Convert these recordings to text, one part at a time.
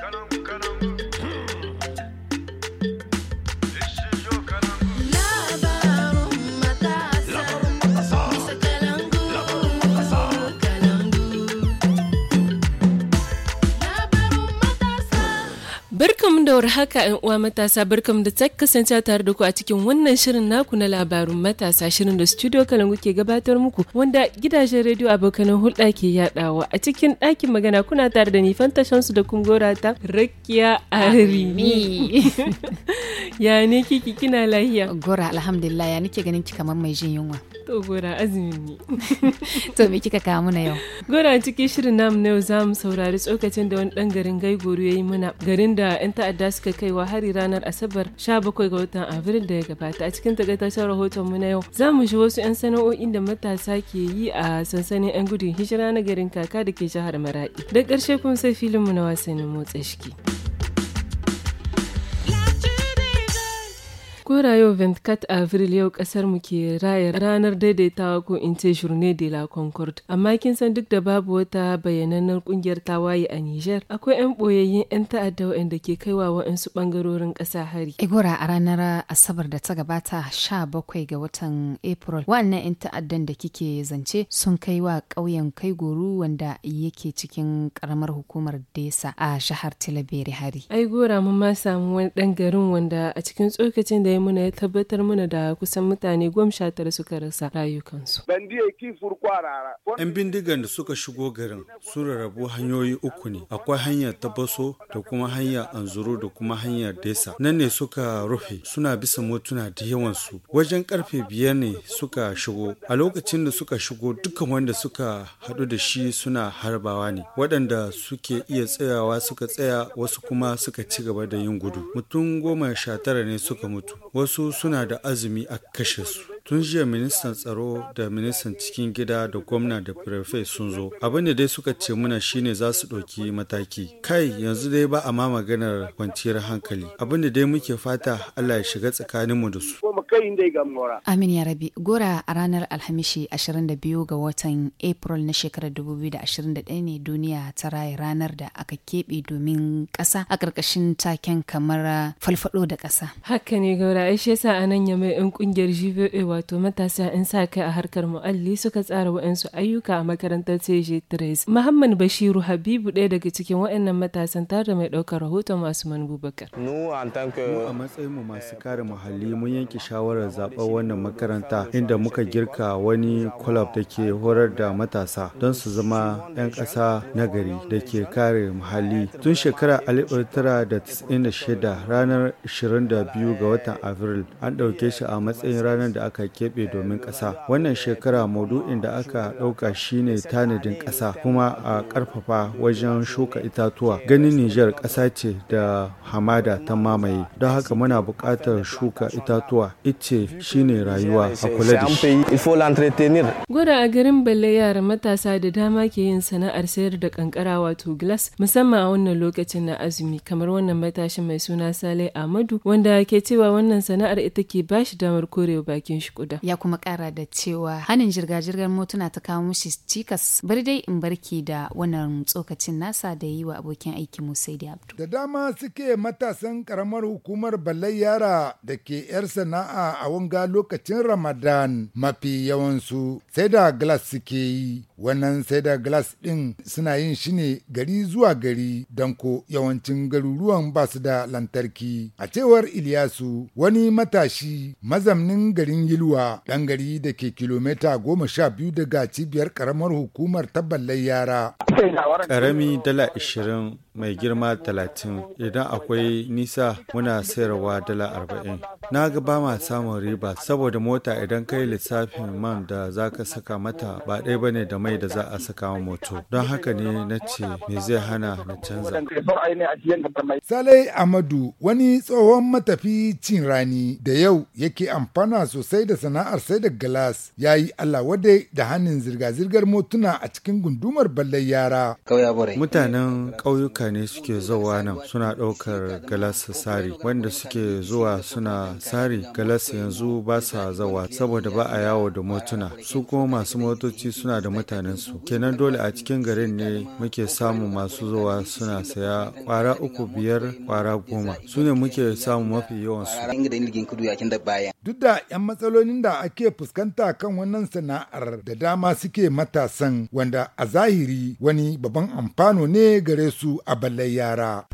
come on. da haka yan uwa matasa barkam da ta kasance tare da ku a cikin wannan shirin naku na labarun matasa shirin da studio kalangu ke gabatar muku wanda gidajen rediyo abokanan hulɗa ke yadawa a cikin ɗakin magana kuna tare da ni fanta da kungora ta rakiya arimi ya ne kiki kina lahiya gora alhamdulillah ya nake ganin ki kamar mai jin yunwa To gora azumi ni to me kika kawo mana yau? Gora cikin shirin namu na yau zamu saurari tsokacin da wani dan garin Gaigoro yi muna. Garin da yan ta'adda suka kai wa hari ranar Asabar bakwai ga watan Afril da ya gabata. A cikin takaitaccen rahoton mu na yau zamu shi wasu yan sana'o'in da matasa ke yi a sansanin yan gudun hijira na garin Kaka da ke jihar Maradi. Da ƙarshe kuma sai filin mu na wasanni motsa shiki. Kora yau 24 Avril yau kasar mu ke raya ranar daidaitawa ko in ce Journée de la Concorde. Amma kin san duk da babu wata bayyananar kungiyar tawaye a Niger, akwai 'yan boyayyen 'yan ta'adda waɗanda ke kaiwa wa'ansu bangarorin kasa hari. Igora a ranar Asabar da ta gabata sha bakwai ga watan April, wannan 'yan ta'addan da kike zance sun kai wa ƙauyen goro wanda yake cikin karamar hukumar Desa a jihar Tilabere hari. Ai gora mun ma samu wani ɗan garin wanda a cikin tsokacin da ya muna ya tabbatar muna da kusan mutane goma sha tara suka rasa rayukansu. Yan bindigan da suka shigo garin sun rarrabu hanyoyi uku ne. Akwai hanyar tabaso da kuma hanyar anzuru da kuma hanyar desa. Nan ne suka rufe suna bisa motuna da yawansu. Wajen karfe biyar ne suka shigo. A lokacin da suka shigo dukkan wanda suka haɗu da shi suna harbawa ne. Waɗanda suke iya tsayawa suka tsaya wasu kuma suka ci gaba da yin gudu. Mutum goma sha tara ne suka mutu. wasu suna da azumi a kashe su tun jiya ministan tsaro da ministan cikin gida da gwamna da prefe sun zo abin da dai suka ce muna shine za su ɗauki mataki kai yanzu dai ba a ma maganar kwanciyar hankali abin da dai muke fata allah ya shiga tsakaninmu da su amin ya rabi gora a ranar alhamishi 22 ga watan april na shekarar 2021 ne duniya ta raya ranar da aka keɓe domin ƙasa a ƙarƙashin taken kamar falfado da ƙasa haka ne gora ai shi yasa nan ya mai 'yan ƙungiyar gba wato matasa in sa kai a harkar muhalli suka tsara wa'ansu ayyuka a makarantar CG Trace. Muhammad Bashiru Habibu ɗaya daga cikin wa'annan matasan tare mai ɗaukar rahoton masu manbubakar. Mu a matsayin mu masu kare muhalli mun yanke shawarar zaɓar wannan makaranta inda muka girka wani kwalab da ke horar da matasa don su zama 'yan ƙasa na gari da ke kare muhalli. Tun shekara 1996 ranar 22 ga watan Afril an ɗauke shi a matsayin ranar da aka aka keɓe domin ƙasa. Wannan shekara maudu'in da aka ɗauka shine tanadin ƙasa kuma a ƙarfafa wajen shuka itatuwa. Ganin Nijar ƙasa ce da hamada ta mamaye. Don haka muna buƙatar shuka itatuwa. Ice shine rayuwa a kula da shi. Gwada a garin balle yara matasa da dama ke yin sana'ar sayar da ƙanƙara wato glass musamman a wannan lokacin na azumi kamar wannan matashin mai suna Sale Ahmadu wanda ke cewa wannan sana'ar ita ke bashi damar korewa bakin shi shi kuda ya kuma kara da cewa hanin jirga-jirgar motuna ta kawo mushi cikas bari dai in barki da wannan tsokacin nasa da yi wa abokin aiki musai da abdu da dama suke matasan karamar hukumar balai yara da ke yar sana'a a wanga lokacin ramadan mafi yawansu sai da glass suke yi wannan sai da glass ɗin suna yin shi ne gari zuwa gari don ko yawancin garuruwan ba su da lantarki a cewar iliyasu wani matashi mazamnin garin yilwa ɗan gari da ke kilomita goma sha biyu daga cibiyar karamar hukumar tabbalai yara ƙarami dala ashirin mai girma talatin idan akwai nisa muna sayarwa dala arba'in na ga ba ma samun riba saboda mota idan kai lissafin man da za ka saka mata ba ɗaya ba ne da mai da za a saka wa moto don haka ne na ce me zai hana na canza. Salai Amadu wani tsohon matafi cin rani da yau yake amfana sosai da sana'ar sai da galas ya yi Allah wadai da hannun zirga-zirgar motuna a cikin gundumar ballai yara. Mutanen ƙauyuka ne suke zuwa nan suna ɗaukar galas sari wanda suke zuwa suna sari galas yanzu ba sa zawa saboda ba a yawo da motuna su kuma masu motoci suna da mutanensu kenan dole a cikin garin ne muke samu masu zuwa suna saya kwara uku biyar kwara goma su ne muke samun mafi yawan su duk da 'yan matsalolin da ake fuskanta kan wannan sana'ar da dama suke matasan wanda a zahiri wani babban amfano ne gare su a ballai yara.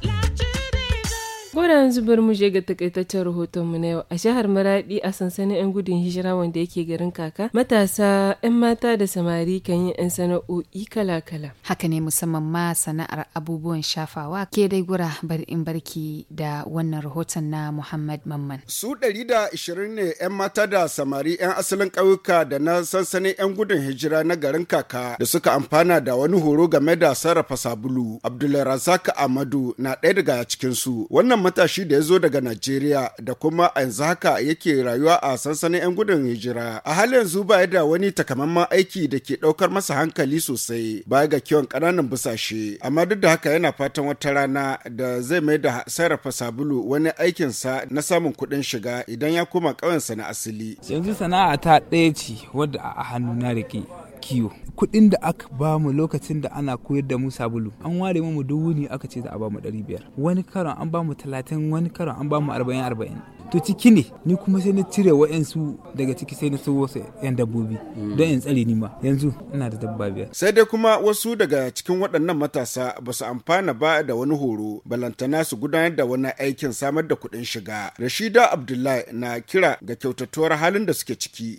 Gwada yanzu bari mu je ga takaitaccen mu na yau a jihar Maradi a sansanin 'yan gudun hijira wanda yake garin kaka matasa 'yan mata da samari kan yi 'yan sana'o'i kala-kala. Haka ne musamman ma sana'ar abubuwan shafawa ke dai gura bari in barki da wannan rahoton na Muhammad Mamman. Su ɗari da ishirin ne 'yan mata da samari 'yan asalin ƙauyuka da na sansanin 'yan gudun hijira na garin kaka da suka amfana da wani horo game da sarrafa sabulu. Abdulrazak Amadu na ɗaya daga cikinsu. Wannan matashi da ya zo daga Najeriya da kuma yanzu haka yake rayuwa a sansanin 'yan gudun hijira. A halin yanzu ba da wani takamaiman aiki da ke ɗaukar masa hankali sosai baya ga kiwon ƙananan busashe. Amma duk da haka yana fatan wata rana da zai mai da sarrafa sabulu wani aikinsa na samun kuɗin shiga idan ya koma ƙauyensa na asali. Yanzu sana'a ta ɗaya ce wadda a hannu na rike. kiwo kuɗin da aka ba mu lokacin da ana koyar da mu sabulu an ware mu dubu ne aka ce za a ba mu ɗari biyar wani karon an ba mu talatin wani karon an ba mu arba'in arba'in to ciki ne ni kuma sai na cire wa'yansu daga ciki sai na sawo wasu 'yan dabbobi mm. don in tsare ni ma yanzu ina da dabba biyar sai dai kuma wasu daga cikin waɗannan matasa ba su amfana ba da wani horo balantana su gudanar da wani aikin samar da kuɗin shiga rashida abdullahi na kira ga kyautatuwar halin da suke ciki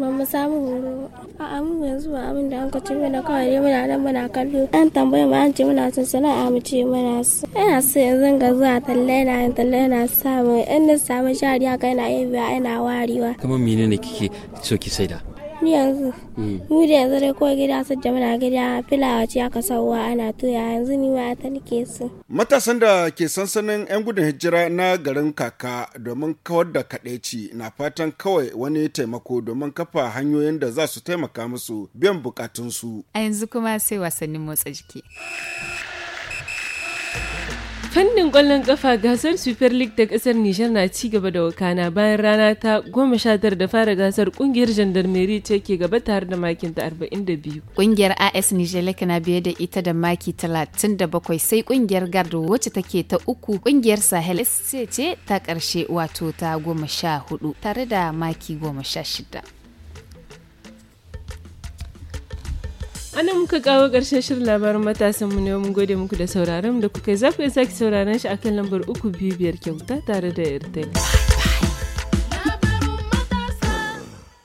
ba mu samu horo a amin yanzu ba abin da an ka ce mana kawai ne muna nan muna kallo an tambaye ma an ce muna son sana'a mu ce muna so ina so yanzu ga zuwa talla na yin talla ina samu in na samu shari'a ka yana yabewa yana warewa kuma mene ne kike so ki saida ni yanzu mm. mu da yanzu dai kawai gida sun jama na gida filawa ce aka sauwa ana tuya yanzu ni ma ta nike su matasan da ke sansanin yan gudun hijira na garin kaka domin kawar da kadaici na fatan kawai wani taimako domin kafa hanyoyin da za su taimaka musu biyan bukatunsu a yanzu kuma sai wasannin motsa jiki fannin kwallon kafa gasar super league ta kasar nishar na ci gaba da wakana bayan rana ta goma sha tara da fara gasar ƙungiyar gendarmerie ce ke gaba tare da makin ta biyu. kungiyar as nijar na biye da ita da maki talatin da bakwai sai ƙungiyar gardo wacce take ta uku kungiyar sahel sc ce ta karshe wato ta goma sha hudu tare da maki goma sha shida ana muka kawo ƙarshen shirin labarin matasan mu ne mun gode muku da sauraron da kuka zafi iya sake sauraron shi akan lambar uku biyu biyar kyauta tare da airtel